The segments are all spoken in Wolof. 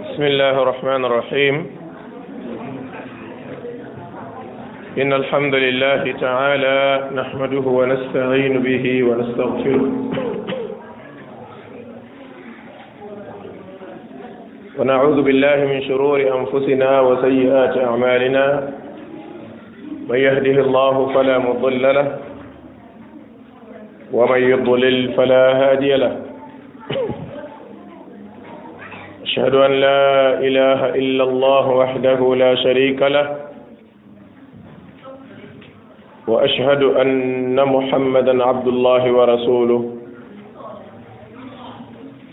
بسم الله الرحمن الرحيم إن الحمد لله تعالى نحمده ونستعين به ونستغفره ونعوذ بالله من شرور أنفسنا وسيئات أعمالنا من يهده الله فلا مضل له ومن يضلل فلا هادي له أشهد أن لا إله إلا الله وحده لا شريك له وأشهد أن محمدا عبد الله ورسوله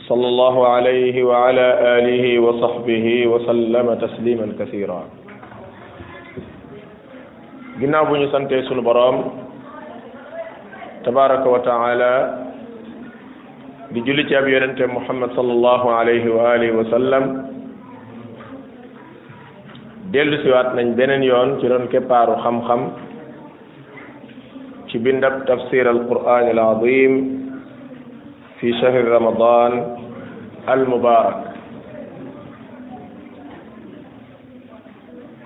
صلى الله عليه وعلى آله وصحبه وسلم تسليما كثيرا جناب سنتي سنبرام تبارك وتعالى di julli ci ab yonente muhammad sallallahu alayhi wa alihi wa sallam nañ beneen yoon ci doon keppaaru xam-xam ci bindab tafsir al qur'an al azim fi shahri ramadan al mubarak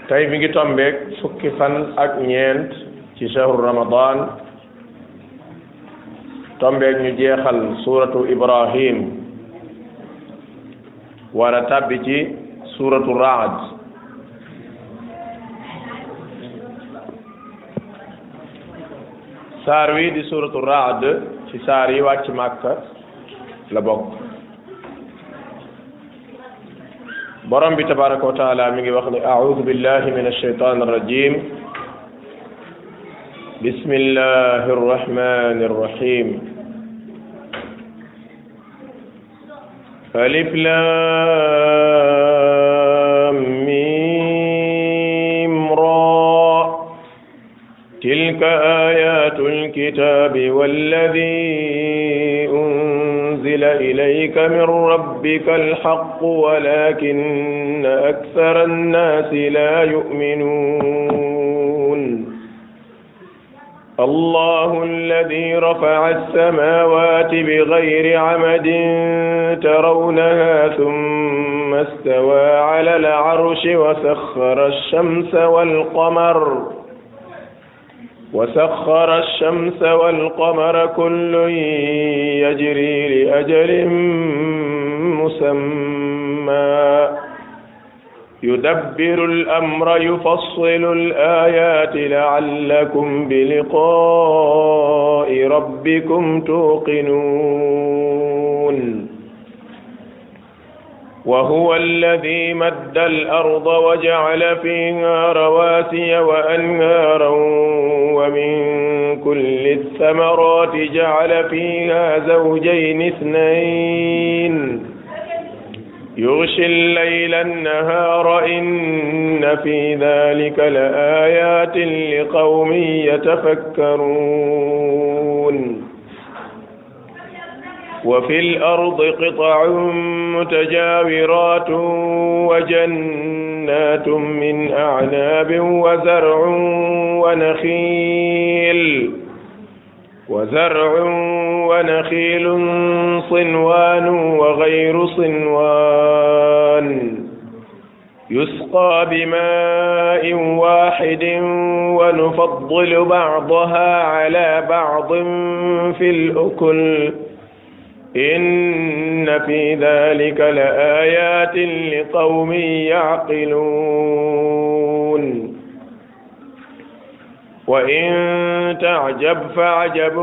tey mi ngi tombeek fukki fan ak ñeent ci shahru ramadan tombe ñu jeexal suratu ibrahim wara tabbi ci suratu raad saar wi di suratu raad ci saar yi wàcc màkka la bokk borom bi tabaraka wa taala mi ngi wax ni audu billahi min alsheitan arrajim بسم الله الرحمن الرحيم ألف لام را تلك آيات الكتاب والذي أنزل إليك من ربك الحق ولكن أكثر الناس لا يؤمنون الله الذي رفع السماوات بغير عمد ترونها ثم استوى على العرش وسخر الشمس والقمر وسخر الشمس والقمر كل يجري لأجل مسمى يدبر الأمر يفصل الآيات لعلكم بلقاء ربكم توقنون وهو الذي مد الأرض وجعل فيها رواسي وأنهارا ومن كل الثمرات جعل فيها زوجين اثنين يغشي الليل النهار إن في ذلك لآيات لقوم يتفكرون وفي الأرض قطع متجاورات وجنات من أعناب وزرع ونخيل وزرع ونخيل صنوان وغير صنوان يسقى بماء واحد ونفضل بعضها على بعض في الأكل إن في ذلك لآيات لقوم يعقلون وإن تعجب فعجب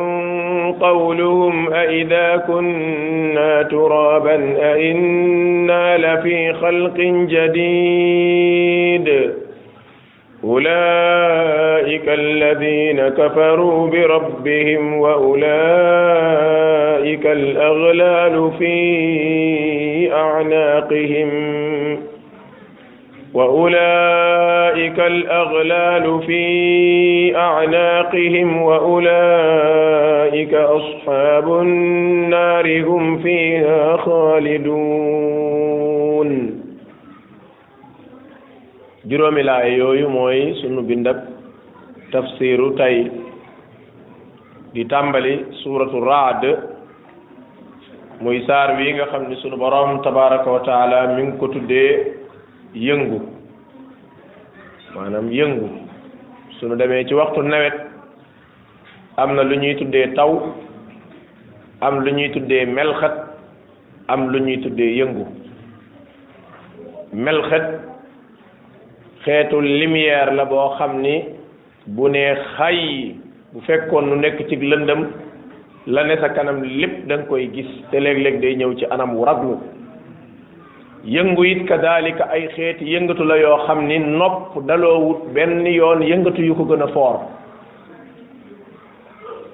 قولهم أإذا كنا ترابا أإنا لفي خلق جديد أولئك الذين كفروا بربهم وأولئك الأغلال في أعناقهم وأولئك الأغلال في أعناقهم وأولئك أصحاب النار هم فيها خالدون juróomi laay yooyu mooy sunu bindab tafsiru tey di tàmbali suuratu raad muy saar wi nga xam ne sunu borom tabaraka wa taala mi ngi ko tuddee yëngu maanaam yëngu suñu demee ci waxtu nawet am na lu ñuy tuddee taw am lu ñuy tuddee melxat am lu ñuy tuddee yëngu melxat xeetu lumière la boo xam ni bu nee xàyyi bu fekkoon nu nekk ci lëndëm la ne sa kanam lépp da nga koy gis te léeg-léeg day ñëw ci anam wu raglu yëngu it kadalika ay xeeti yëngatu la yoo xam ni nopp daloowut benn yoon yëngatu yu ko gën a foor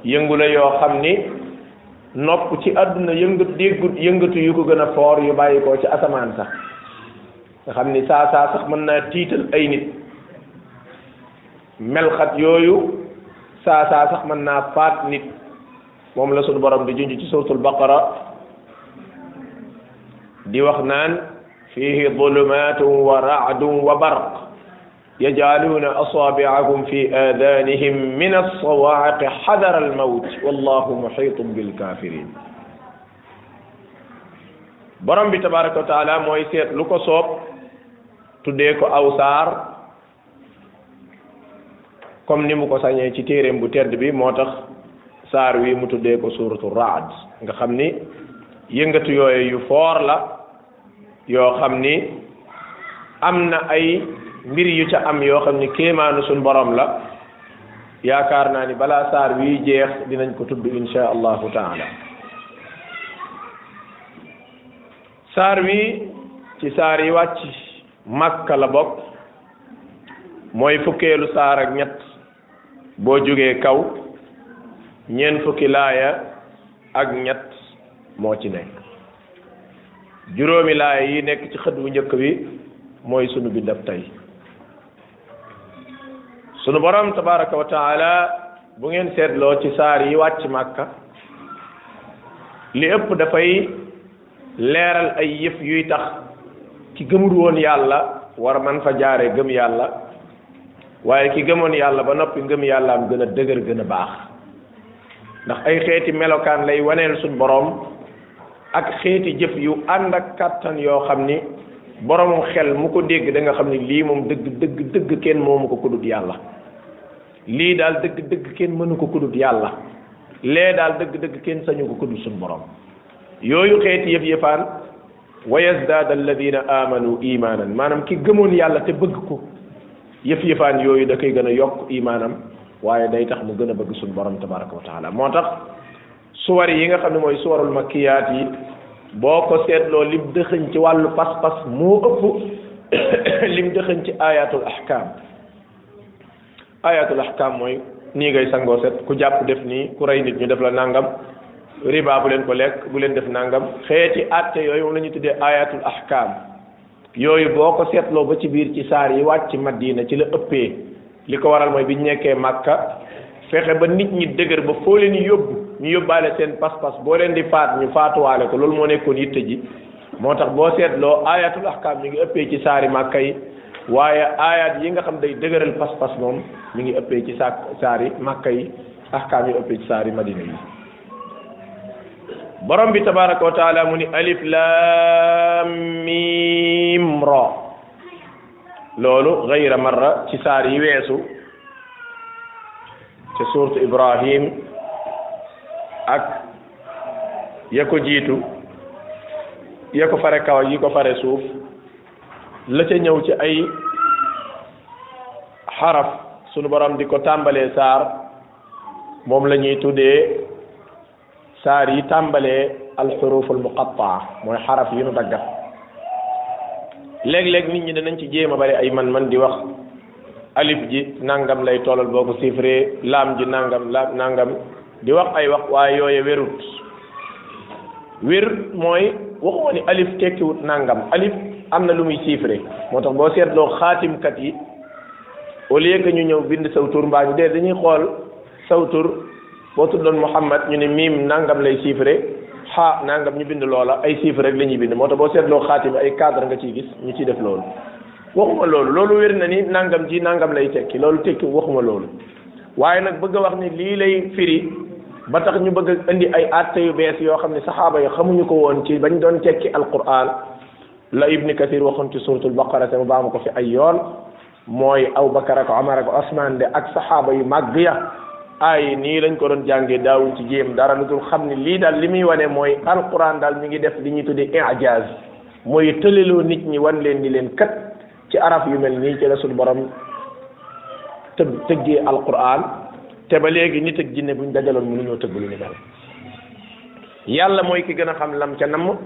yëngu la yoo xam ni nopp ci àdduna yëngatu yëngatu yu ko gën a foor yu bàyyi ko ci asamaan sax nga xam ni saa saa sax mën naa tiital ay nit melxat yooyu saa saa sax mën naa faat nit moom la sunu borom di junj ci suratul baqara di wax naan فيه ظلمات ورعد وبرق يجعلون أصابعهم في آذانهم من الصواعق حذر الموت والله محيط بالكافرين borom bi tabaraka wa taala mooy seet lu ko soob tuddee ko aw saar comme ni mu ko sañee ci téeréem bu tedd bi moo tax saar wi mu tuddee ko suuratu raad nga xam ni yëngatu yooye yu foor la yoo xam ni am na ay mbir yu ca am yoo xam ni kéemaanu suñ borom la yaakaar naa ni balaa saar wi jeex dinañ ko tudd insha allahu taala saar wi ci saar yi wàcc makka la bokk mooy fukkeelu saar ak ñett boo jógee kaw ñeent fukki laaya ak ñett moo ci nekk juróomi laay yi nekk ci xët bu njëkk bi mooy sunu bindab tey sunu borom tabaraka wa bu ngeen seetloo ci saar yi wàcc màkka li ëpp dafay leeral ay yëf yuy tax ki gëmul woon yàlla war man fa jaare gëm yàlla waaye ki gëmoon yàlla ba noppi ngëm yàlla am gën a dëgër gën a baax ndax ay xeeti melokaan lay waneel suñ boroom ak xeeti jëf yu ànd ak kàttan yoo xam ni boromam xel mu ko dégg da nga xam ni lii moom dëgg dëgg dëgg kenn moomu ko kudut yàlla lii daal dëgg dëgg kenn mënu ko kudut yàlla lee daal dëgg dëgg kenn sañu ko kudut suñ borom yooyu xeeti yëf yëfaan wa yazdaad alladina amanu imaanan maanaam ki gëmoon yàlla te bëgg ko yëf yëfaan yooyu da koy gën a yokk imaanam waaye day tax mu gën a bëgg suñu borom tabaraka wa taala moo tax suwar yi nga xam ne mooy suwarul makkiyaat yi boo ko seetloo lim dëxëñ ci wàllu pas-pas moo ëpp lim dëxëñ ci ayatul ahkam ayatul ahkam mooy nii ngay sangoo set ku jàpp def nii ku rey nit ñu def la nangam riba bu leen ko lekk bu leen def nangam xeeti àtte yooyu moom la ñu tuddee ayatul ahkam yooyu boo ko seetloo ba ci biir ci saar yi wàcc madina ci la ëppee li ko waral mooy bi ñu nekkee màkka fexe ba nit ñi dëgër ba foo leen yóbbu ñu yóbbaale seen pas-pas boo leen di faat ñu faatuwaale ko loolu moo nekkoon yitte ji moo tax boo seetloo aayatul ahkaam mi ngi ëppee ci saari màkka yi waaye aayat yi nga xam day dëgëral pas-pas moom mi ngi ëppee ci saa saari màkka yi ahkaam yi ëppee ci saari madina yi borom bi tabaraka wa mu ni alif lam mim loolu gayra ci saar yi weesu ci suurtu ibrahim ak ya ko jiitu ya ko fare kaw yi ko fare suuf la ca ñëw ci ay xaraf sunu borom di ko tàmbalee saar moom lañuy tuddee saar yi tàmbalee alxuruful muqattaa mooy xaraf yi nu daggat léeg-léeg nit ñi danañ ci jéem a bari ay man-man di wax alif ji nangam lay tollal boo ko chiffré laam ji nangam laam nangam di wax ay wax waaye yooye wérut wér mooy waxuma ni alif tekkiwut nangam alif am na lu muy chiffré moo tax boo seetloo xaatimkat yi au lieu que ñu ñëw bind saw tur mbaa ñu dee dañuy xool saw tur boo tuddoon Muhammad ñu ne miim nangam lay chiffré xa nangam ñu bind loola ay chiffre rek la ñuy bind moo tax boo seetloo xaatim ay cadre nga ciy gis ñu ciy def loolu waxuma loolu loolu wér na ni nangam ji nangam lay tekki loolu tekki waxuma loolu waaye nag bëgg ba tax ñu bëgg indi ay atte yu bees yoo xam ne saxaaba yi xamuñu ko woon ci bañ doon tekki alquran la ibni kathir waxoon ci suratul baqara te mu baamu ko fi ay yoon mooy aw bakar ak omar ak osman de ak saxaaba yu mag ya ay nii lañ ko doon jàngee daawuñ ci jéem dara lu dul xam ne lii daal li muy wane mooy alquran daal mi ngi def li ñuy tuddee i'jaz mooy tëleloo nit ñi wan leen di leen kat ci arab yu mel nii ci la suñu borom të tëggee alquran te ba léegi nit ak jinne buñ dajaloon mënuñoo tëgg lu ni mel yàlla mooy ki gën a xam lam ca namm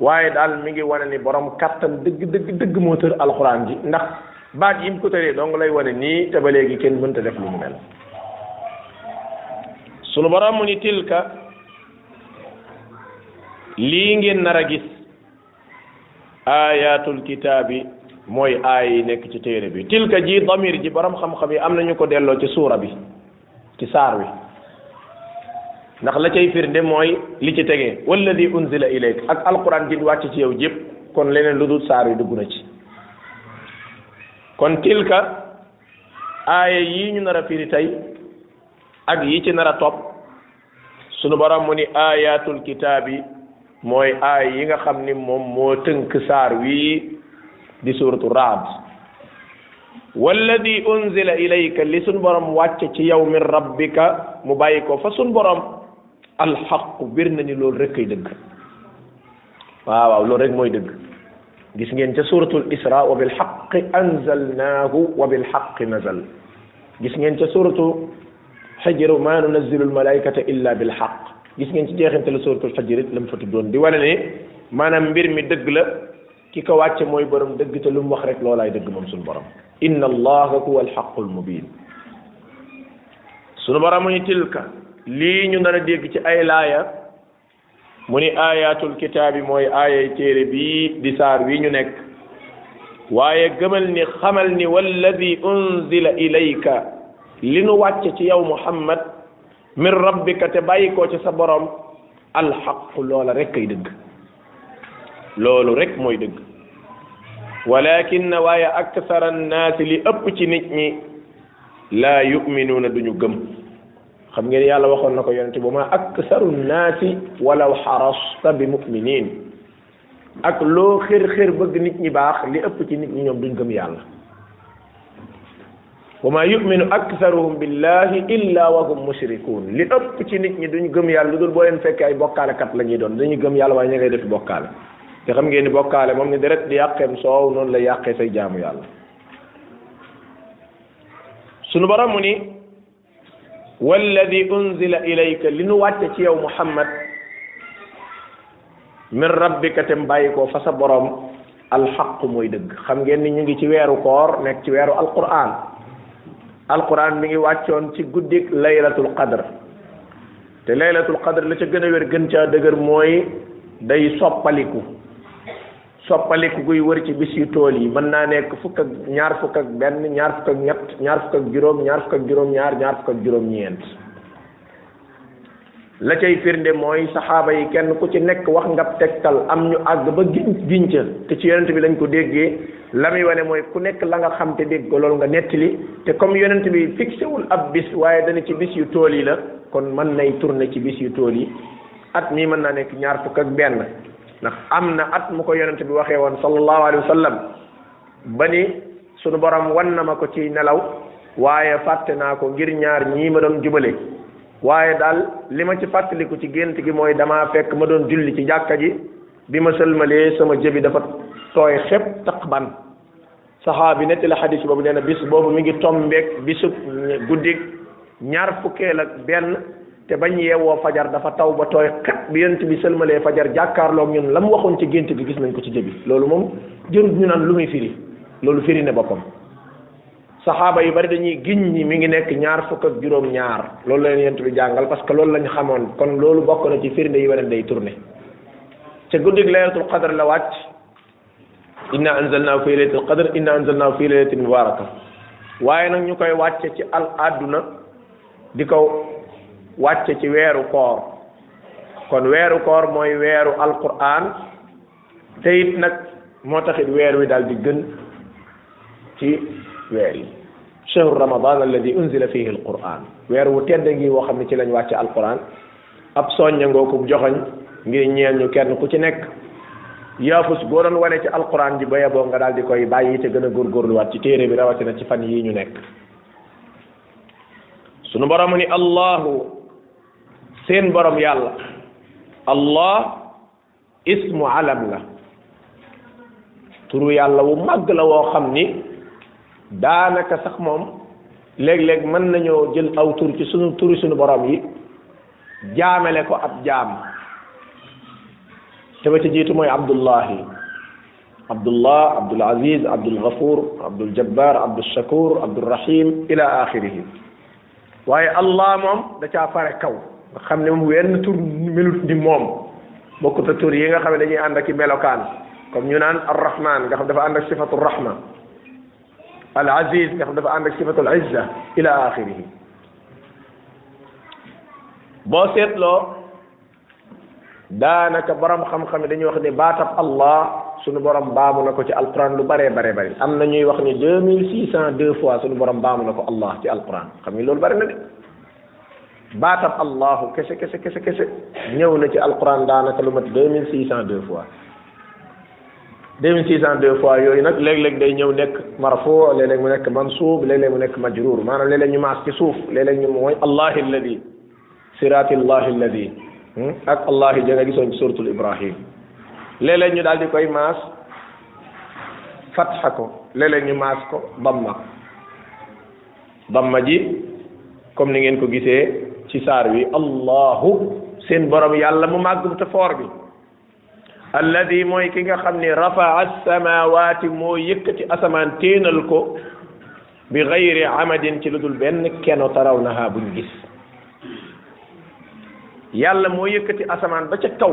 waaye daal mi ngi wane ni borom kattan dëgg dëgg dëgg moo alxuraan ji ndax baat yi mu ko tëree dong lay wane nii te ba léegi kenn mënta def lu mu mel sunu borom mu ni tilka lii ngeen nar a gis aayatul kitaabi mooy aay yi nekk ci téere bi tilka ji damir ji boroom xam-xam yi am nañu ko delloo ci suura bi ci saar wi ndax la cay firnde mooy li ci tegee walladi unzila ilayk ak alquran ji wàcc ci yow jépp kon leneen lu dul saar wi dugg na ci kon tilka aaya yi ñu nar a firi tey ak yi ci nar a topp sunu borom mu ni ayatul kitaabi mooy aay yi nga xam ni moom moo tënk saar wii di suuratu raad والذي انزل اليك لسن بروم واتي يوم ربك مبايكو فسن بروم الحق برنني لول رك يدغ واو واو لول رك موي دغ غيس نين تي سوره الاسراء وبالحق انزلناه وبالحق نزل غيس نين تي سوره حجر ما ننزل الملائكه الا بالحق غيس نين تي جيخنت سوره الحجر لم فتي دون دي وانا ني مانام بير مي دغ لا ki ko wàcce mooy borom dëgg te lu mu wax rek loolaay dëgg moom suñu borom inna allaha huwa alxaqul mubin suñu borom mu ni tilka lii ñu nar a dégg ci ay laya mu ni ayatul kitaabi mooy aayay téere bi di saar wi ñu nekk waaye gëmal ni xamal ni walladi unzila ilayka li nu wàcce ci yow mu min rabbika te bàyyi ko ci sa borom alxaqu loola rek kay dëgg loolu rek mooy dëgg walakin na waaye aksara naasi li ëpp ci nit ñi laa yuminuuna duñu gëm xam ngeen yàlla waxoon na ko yonente bu ma aksaru naasi walaw xarasta bi muminin ak loo xër xër bëgg nit ñi baax li ëpp ci nit ñi ñoom duñ gëm yàlla wa ma yuminu aksaruhum billahi illa wa hum li ëpp ci nit ñi duñ gëm yàlla lu dul boo leen fekkee ay bokkaalekat la ñuy doon dañuy gëm yàlla waaye ña ngay def bokkaale te xam ngeen ni bokkaale moom ni deret di yàqeem soow noonu la yàqee say jaamu yàlla sunu borom mu ni walladi unzila ilayka li nu wàcce ci yow muhammad min rabbika te bàyyi ko fa sa borom xaq mooy dëgg xam ngeen ni ñu ngi ci weeru koor nekk ci weeru alquran alquran mi ngi wàccoon ci guddik laylatul qadr te laylatul qadr la ca gën a wér gën caa dëgër mooy day soppaliku soppaliku guy wër ci bis yu tool yi mën naa nekk fukk ak ñaar fukk ak benn ñaar fukk ak ñett ñaar fukk ak juróom ñaar ñaar fukk ak juróom ñeent la cay firnde mooy saxaaba yi kenn ku ci nekk wax nga tegtal am ñu àgg ba giñ te ci yonent bi lañ ko déggee la muy wane mooy ku nekk la nga xam te dégg ko loolu nga li te comme yonent bi fixé wul ab bis waaye dana ci bis yu tool yi la kon mën nay tourné ci bis yu tool yi at mii mën naa nekk ñaar fukk ak benn ndax am na at mu ko yonent bi waxee woon sallallahu alayhi wa sallam ba ni sunu borom wan na ma ko ci nelaw waaye fàtte naa ko ngir ñaar ñii ma doon jubale waaye daal li ma ci fàttaliku ci gént gi mooy dama fekk ma doon julli ci jàkka ji bi ma sëlmalee sama jëbi dafa tooy xepp taq ban saxaabi netti la xadis boobu nee na bis boobu mu ngi tombeek bisub guddik ñaar fukkeel ak benn te bañ yeewoo fajar dafa taw ba tooy kat bi yonent bi sëlmalee fajar jàkkaarloog ñun la mu waxoon ci gént gi gis nañ ko ci jëbi loolu moom jërut ñu naan lu muy firi loolu firi ne boppam saxaaba yu bari dañuy giñ ñi mi ngi nekk ñaar fukk ak juróom ñaar loolu leen yonent bi jàngal parce que loolu lañ xamoon kon loolu bokk na ci firnde yi weneen day tourné ca guddig laylatul qadr la wàcc inna anzalnaahu fi laylatil qadr inna anzalnaahu fi laylatin waaye nag ñu koy wàcce ci al àdduna di wàcc ci weeru koor kon weeru koor mooy weeru alquran te it nag moo taxit weer wi daal di gën ci weer yi shahru ramadan alladi unzila fihi alquran weer wu tedd ngi woo xam ne ci lañ wàcc alquran ab soñña ngoo ko joxoñ ngir ñeel ñu kenn ku ci nekk yaafus boo doon wane ci alquran bi ba boo nga daal di koy bàyyi te gën a góorgóorluwaat ci téere bi rawatina ci fan yii ñu nekk sunu borom ni allahu سين برم يالا الله اسم علم لا ترو يالا و ماغ لا و خامني دانكا ساخ موم ليك ليك من نانيو جيل او تور سي سونو تور سونو برام يي جامله كو اب جام تبا عبد الله عبد الله عبد العزيز عبد الغفور عبد الجبار عبد الشكور عبد الرحيم الى اخره واي الله موم دا تا xam ne moom wenn tur melut ni moom bokkut ak tur yi nga xam ne dañuy ànd ak i melokaan comme ñu naan ar rahman nga xam dafa ànd ak sifatu rahma al aziz nga xam dafa ànd ak sifatu al izza ila axirihi boo seetloo daanaka borom xam-xam dañuy wax ne baatab allah sunu borom baamu na ko ci alquran lu bare bare bare am na ñuy wax ni deux mille six cent deux fois sunu borom baamu na ko allah ci alquran xam nga loolu bare na de baatab allahu kese kese kese kese ñëw na ci alquran daanaka lu mat deux mille six cent deux fois deux mille six cent deux fois yooyu nag léeg-léeg day ñëw nekk marfuu léeg-léeg mu nekk mansuub léeg-léeg mu nekk majruur maanaam léeg-léeg ñu maas ci suuf léeg-léeg ñu mooy allahi alladi siraati allahi alladi hmm? ak allahi ja nga gisoon ci suratul ibrahim léeg-léeg ñu daal di koy maas fatxa ko léeg-léeg ñu maas ko damma damma ji comme ni ngeen ko gisee ci sar wi allahu sen borom yàlla mu magum te for bi alladhi moy ki nga xamni ne as-samawati moo yekati asaman téenal ko bi xayri amadin ci ludul ben keno taraw naha buñ gis yàlla moo yekati asaman ba ca kaw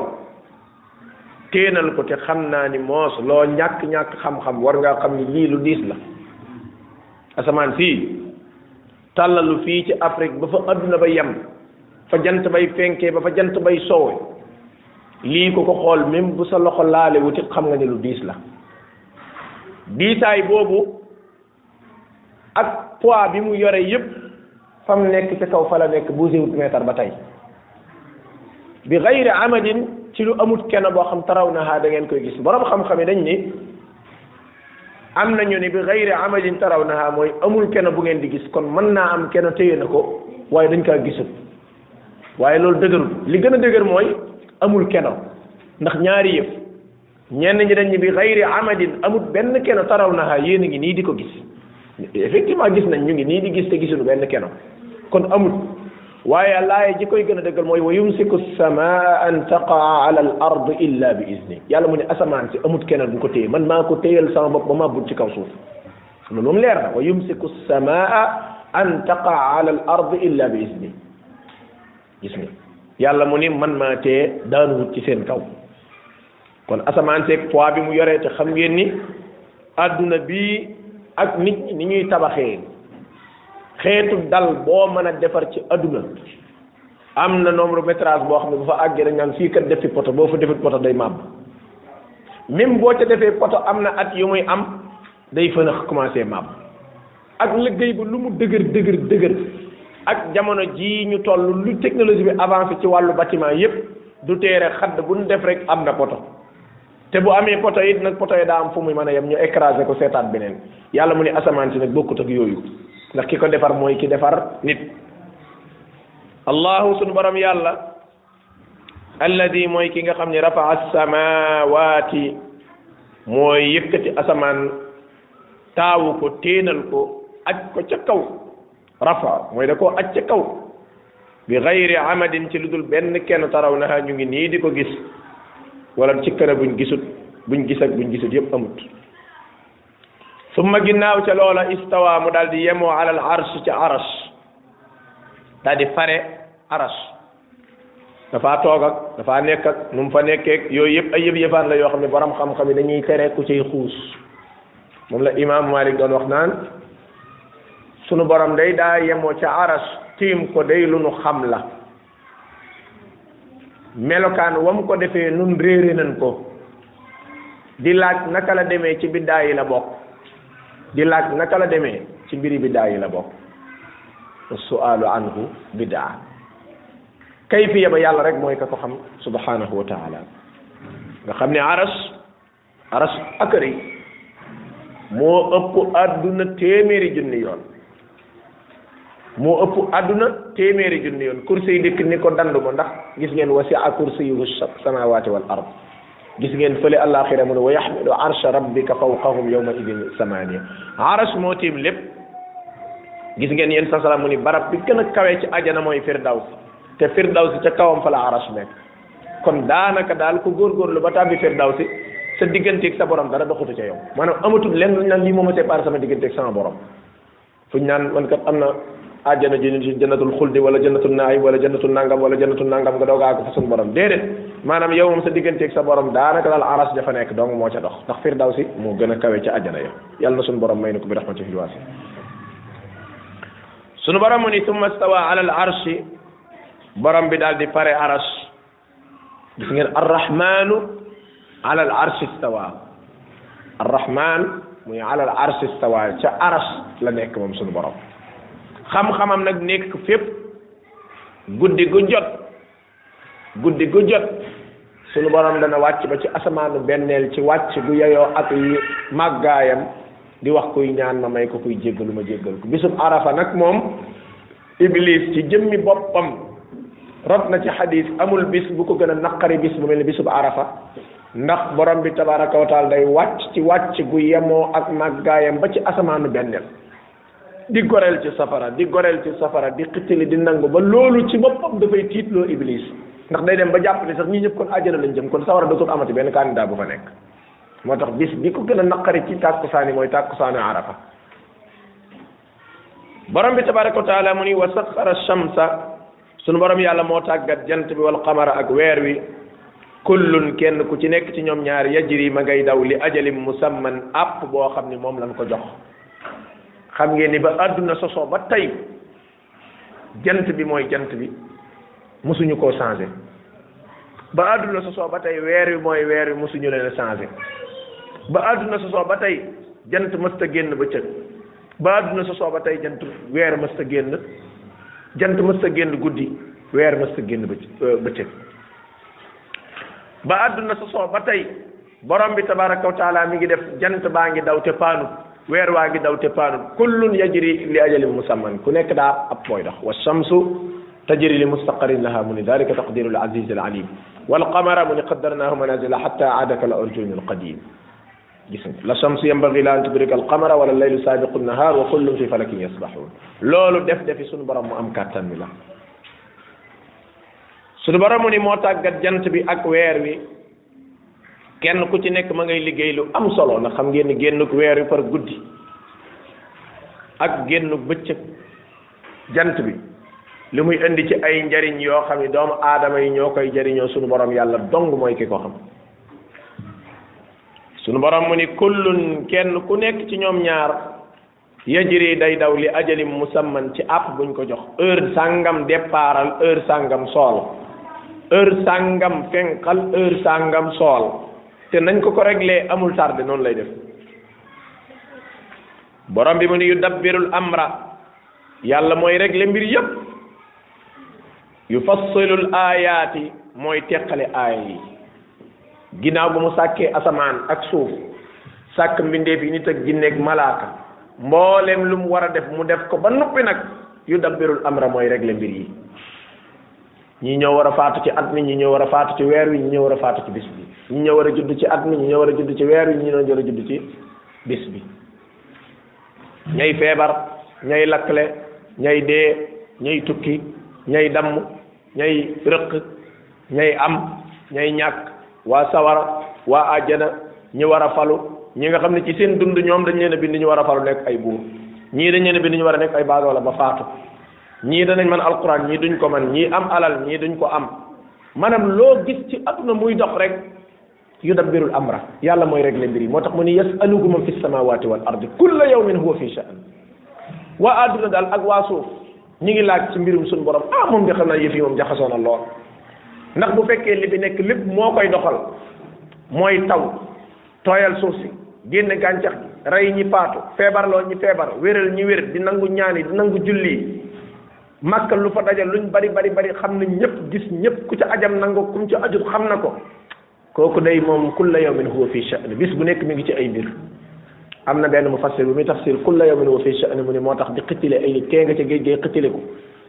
téenal ko te xamna ni mos lo ñak ñak ñàkk xam-xam war nga xam ni lu dis la asaman fi tàllalu fii ci Afrique ba fa adduna ba yem fa jant bay fenkee ba fa jant bay soowe lii ko ko xool même bu sa loxo laale wuti xam nga ne lu diis la diisaay boobu ak poids bi mu yore yépp fam nekk ca kaw fa la nekk bu wut meetar ba tey bi gayri amadin ci lu amut kenn boo xam taraw na haa da ngeen koy gis borom xam-xam yi dañ ni am nañu ni bi xayri amalin taraw naha mooy amul keno bu ngeen di gis kon mën naa am keno téye na ko waaye dañ kaa gisut waaye loolu dëgërul li gën a dëgër mooy amul keno ndax ñaari yëpp ñenn ñi dañ ni bi xayri amalin amul benn keno taraw naha yéen a ngi nii di ko gis effectivement gis nañ ñu ngi nii di gis te gisuñu benn keno kon amul waaye laaye ji koy gën a dëggal mooy wa yumsiku samaa an taqaa ala al ard illa bi izni yàlla mu ne asamaan si amut keneen bu ko téye man maa ko téyal sama bopp bu ma budd ci kaw suuf loolu moom leer na wa yumsiku samaa ala mu ni man maa tee daanuwut ci seen kaw kon asamaan seeg poids bi mu yoree te xam ngeen ni adduna bi ak nit ni ñuy tabaxee xeetu dal boo mën a defar ci àdduna am na nombre métrage boo xam ne bu fa àggee rek naan fii kat def fi poto boo fa defit poto day màbb même boo ca defee poto am na at yu muy am day fënax commencé màbb ak liggéey ba lu mu dëgër dëgër dëgër ak jamono jii ñu toll lu technologie bi avancé ci wàllu batiment yépp du teere xadd bu ñu def rek am na poto te bu amee poto it nag poto yi daa am fu muy mën a yem ñu écrasé ko seetaat beneen yàlla mu ne asamaan si nag bokkut yooyu ndax ki ko defar mooy ki defar nit allahu sunu borom yàlla alladi mooy ki nga xam ne rafa asamawaati mooy yëkkati asamaan taawu ko téenal ko aj ko ca kaw rafa mooy da koo aj ca kaw bi gayri amadin ci lu benn kenn taraw na ñu ngi nii di ko gis wala ci kër buñ gisut buñ gis ak buñ gisut yëpp amut su summa ginnaaw ca loola istawa mu daal di yemoo alal arsh ca arash daal di fare arash dafaa toog ak dafaa nekk ak nu mu fa nekkeek yooyu yëpp ay yëf yëfaan la yoo xam ne borom xam-xam yi dañuy tere ku ciy moom la imam malik doon wax naan sunu borom day daa yemoo ca arash tiim ko day lu nu xam la melokaan wam ko defee nun réere nañ ko di laaj naka la demee ci biddaa yi la bokk di laaj naka la demee ci mbiri biddaa yi la bokk su sualu anhu biddaa kayfiya ba yàlla rek mooy ka ko xam subhanahu wa taala nga xam ne aras aras akari moo ëpp àdduna téeméeri junni yoon moo ëpp àdduna téeméeri junni yoon kursi yi dikk ni ko dandu ma ndax gis ngeen wasi'a kursiyuhu samawati wal ard gis ngeen fële àllaaxira mu ne wa yaxmilu arsha rabbika fawqahum yawma idin samaniya aras moo tiim lépp gis ngeen yéen sa salaam mu ni barab bi gën a kawee ci ajana mooy firdaws te firdaws ca kawam fa la aras nekk kon daanaka daal ku góorgóorlu ba tàbbi si sa digganteeg sa borom dara doxutu ca yow maanaam amatul lenn luñ lii moom a séparé sama digganteeg sama borom fuñ naan man kat am na àjjana ji ñu ci jannatul xuldi wala jannatul naayim wala jannatul nangam wala jannatul nangam nga doog a àgg fa suñu borom déedéet maanaam yow moom sa digganteeg sa borom daanaka daal aras dafa nekk dong moo ca dox ndax firdawsi moo gën a kawe ca àjjana yo yàlla na suñu borom may na ko bi rahmati fil waasi suñu borom mu ni summa stawa ala al arshi borom bi daal di pare arash gis ngeen arrahmanu ala al arshi stawa arrahman muy ala al arshi stawa ca arash la nekk moom suñu borom xam-xamam nag nekk fépp guddi gu jot guddi gu jot sunu borom dana wàcc ba ci asamaanu benneel ci wàcc gu yeyoo ak màggaayam di wax kuy ñaan ma may ko kuy jéggalu ma jéggal ko bisum arafa nag moom iblis ci jëmmi boppam rot na ci xadis amul bis bu ko gën a naqari bis bu mel ni bisub arafa ndax borom bi tabaraka day wàcc ci wàcc gu yemoo ak màggaayam ba ci asamaanu benneel di goreel ci safara di goreel ci safara di xëccali di nangu ba loolu ci boppam dafay tiitloo iblis ndax day dem ba jàpp ne sax ñii ñëpp kon àjjana lañu jëm kon sawara dootul amati benn candidat bu fa nekk moo tax bis bi ko gën a naqari ci tàkkusaani mooy tàkkusaani arafa borom bi tabaraka wa taala mu ni wa saxara shamsa sunu borom yàlla moo tàggat jant bi wal xamara ak weer wi kullun kenn ku ci nekk ci ñoom ñaar yajri ma ngay daw li ajalim musamman àpp boo xam ni moom lañ ko jox xam ngeen ni ba àdduna sosoo ba tey jant bi mooy jant bi mosuñu koo changé ba àdduna sosoo ba tey weer wi mooy weer wi mosuñu leen changé ba àdduna sosoo ba tey jant mësta génn bëccëg ba àdduna sosoo ba tey jant weer mësta génn jant mësta génn guddi weer mësta génn euh, bëccëg ba àdduna sosoo ba tey borom bi tabaraka wa taala mi ngi def jant baa ngi daw te paanu weer waa ngi daw te paanul kullun yajri li ajalin musamman ku nekk daa ab mooy dox wa shamsu تجري لمستقر لها من ذلك تقدير العزيز العليم والقمر من قدرناه منازل حتى عاد كالأرجون القديم جسم لا شمس ينبغي لها أن تدرك القمر ولا الليل سابق النهار وكل في فلك يسبحون لولو دف دف سن برام أم كاتن ملا سن برام ني موتا جنت بي أك وير kenn ku ci nekk ma ngay liggéey lu am solo na xam ngeen ni génnug weer wi par guddi ak génnug bëccëg jant bi li muy indi ci ay njariñ yoo xam ni doomu aadama yi ñoo koy jariñoo sunu borom yàlla dong mooy ki ko xam sunu borom mu ni kullun kenn ku nekk ci ñoom ñaar yajiri day daw li ajalim musamman ci àpp buñ ko jox heure sàngam départal heure sàngam sool heure sàngam fenqal heure sàngam sool te nañ ko ko réglé amul tardé noonu lay def borom bi mu ni yu dabbirul amra yàlla mooy réglé mbir yépp yu fassilul aayaati mooy teqale aaya yi ginnaaw bu mu sàkkee asamaan ak suuf sàkk mbindeef yi nit ak jinneeg malaaka mboolem lu mu war a def mu def ko ba noppi nag yu dabbirul amra mooy réglé mbir yi ñi ñoo war a faatu ci at mi ñi ñoo war a faatu ci weer wi ñi ñoo war a faatu ci bis bi ñi ñoo war a judd ci at mi ñi ñoo war a judd ci weer wi ñi ñoo war a judd ci bis bi ñay feebar ñay lakkle ñay dee ñay tukki ñay damm ñay rëq ñay am ñay ñàkk waa sawara waa àjjana ñi war a falu ñi nga xam ne ci seen dund ñoom dañ leen a bind ñu war a falu nekk ay buur ñii dañ leen a bind ñu war a nekk ay baadoola ba faatu ñii danañ man alquran ñii duñ ko man ñii am alal ñii duñ ko am maanaam loo gis ci aduna muy dox rek yu am amra yàlla mooy régler mbir yi moo tax mu ni yasaluhu man fi samawati wal ardi kulla yawmin huwa fi sha'n waa adduna daal ak waa suuf ñi ngi laaj ci mbirum suñu borom ah moom de xam naa yëf yi moom jaxasoo na lool ndax bu fekkee li bi nekk lépp moo koy doxal mooy taw tooyal suuf si génn gàncax gi rey ñi faatu feebarloo ñi feebar wéral ñi wér di nangu ñaani di nangu julli màkka lu fa dajal luñ bari bari bari xam na ñëpp gis ñëpp ku ca ajam nango kum ca ajut xam na ko kooku day moom kulla yawmin huwa fi sha'n bis bu nekk mi ngi ci ay biir am na benn mufassir bu muy tafsir kulla yawmin huwa fi sha'n mu ne moo tax di xëttile ay nit kee nga ca géej gee xëttiliku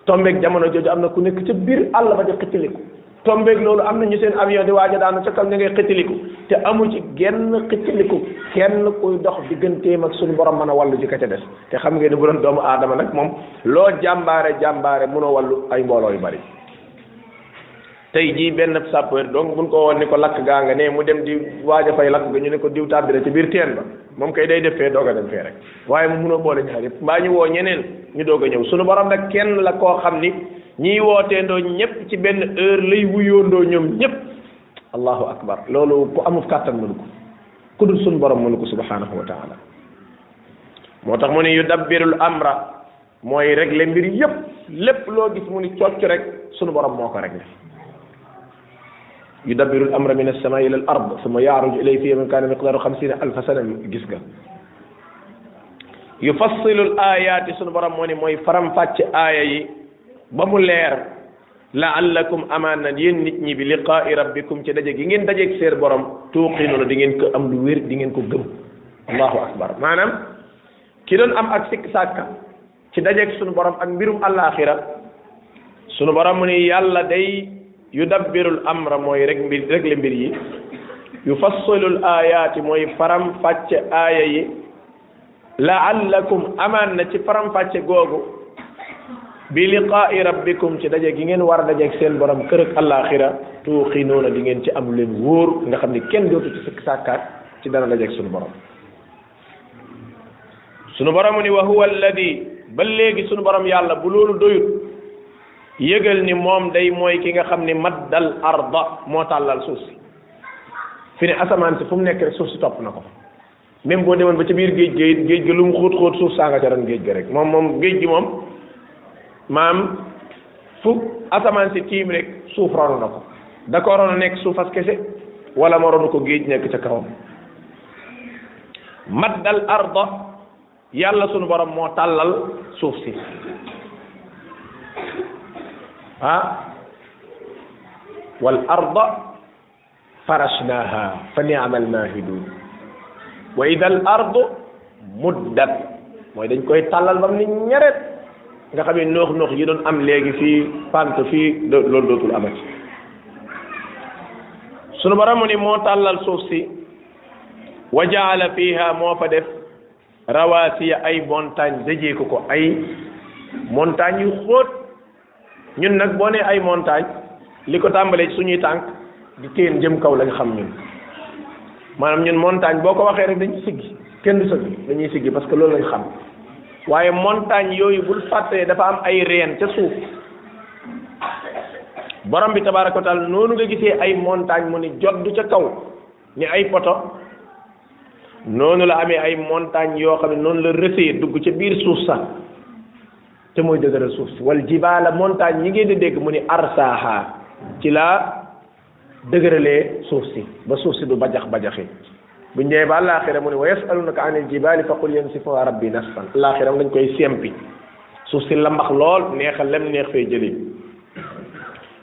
tombeeg jamono jooju am na ku nekk ca biir àll ba di xëttiliku tombeeg loolu am na ñu seen avion di waaj a daanu ca kaw ña ngay xëccaliku te amu ci genn xëccaliku kenn kuy dox digganteem ak suñu borom mën a wàllu ji ka ca des te xam nga ne bu doon doomu aadama nag moom loo jàmbaare jàmbaare mënoo wàllu ay mbooloo yu bari tey jii benn sapeur donc buñ ko woon ni ko lakk gaa nga ne mu dem di waaj a fay lakk ga ñu ne ko diw tàbbi na ci biir teen ba moom kay day def fee doog a dem fee rek waaye mu munoo boole ñaar yëpp mbaa ñu woo ñeneen ñu doog a ñëw suñu borom nag kenn la koo xam ni ñiy wooteendoo ñëpp ci benn heure lay wuyoondoo ñoom ñëpp allahu akbar loolu ku amul kàttan mënu ko ku dul suñ borom mënu ko subhanahu wa moo tax mu yu dabbirul amra mooy régler mbir yëpp lépp loo gis mu ni cocc rek suñu borom moo ko régler yu dabbirul amra min as-samaa ila al ard summa yaaruju ilay fi yawmin kaana miqdaaru xamsiina alfa sana gis nga yufassilu al ayaati suñu borom moo ni mooy faram fàcc aaya yi ba mu leer laallakum amaan na yéen nit ñi bi liqaa'i rabbikum ci daje gi ngeen dajeeg seer borom tuuqinuna di ngeen ko am lu wér di ngeen ko gëm allahu akbar maanaam ki doon am ak sikk sàkka ci dajeeg sunu borom ak mbirum àllaaxira sunu borom mu ni yàlla day yudabbirul amra mooy rek mbir rek le mbir yi yufassilul aayaati mooy faram fàcce aaya yi laallakum amaan na ci faram fàcce googu bi liqaa'i rabbikum ci daje gi ngeen war a dajeeg seen borom kër ak àllaaxira tuuxinuuna di ngeen ci am leen wóor nga xam ni kenn dootu ci sëkk sàkkaat ci dana dajeeg sunu borom sunu borom ni wa huwa alladi ba léegi suñu borom yàlla bu loolu doyut yëgal ni moom day mooy ki nga xam ni maddal arda moo tàllal suuf si fi ne asamaan si fu mu nekk rek suuf si topp na ko même boo demoon ba ca biir géej géej géej ga lu mu xóot xóot suuf saa nga ca ron géej ga rek moom moom géej gi moom maam fu asamaan si tiim rek suuf ronu na ko da ko waroon nekk suufas kese wala ma ronu ko géej nekk ca kawam maddal arda yàlla sunu borom moo tàllal suuf si ah wal arda farashnaha fa ni'mal mahidun wa idal ardu muddat mooy dañ koy tàllal bam ni ñaret nga xam ne noox noox yi doon am léegi fii pant fii loolu dootul amati sunu borom mu ni moo tàllal suuf si wa jaala fiha moo fa def rawaasiya ay montagne dëjee ko ko ay montagne yu xóot ñun nag boo nee ay montagne li ko tàmbalee suñuy tànk di téen jëm kaw la nga xam ñun maanaam ñun montagne boo ko waxee rek dañuy siggi kenn du sëgg dañuy siggi parce que loolu lañ xam waaye montagne yooyu bul fàttee dafa am ay reen ca suuf borom bi tabaaraka wa taala noonu nga gisee ay montagne mu ni du ca kaw ni ay poto noonu la amee ay montagne yoo xam ne noonu la rësee dugg ca biir suuf sa te mooy dëgëral suuf si wal jibaala montagne yi ngeen di dégg mu ni arsaaha ci laa dëgëralee suuf si ba suuf si du bajax bajaxi bu ñëwee ba àllaaxira mu ne wa yasalunaka anil jibaali fa qul yansifuha rabbi nasfan àllaaxira dañ koy sempi suuf si lambax lool neexal lem neex fee jëli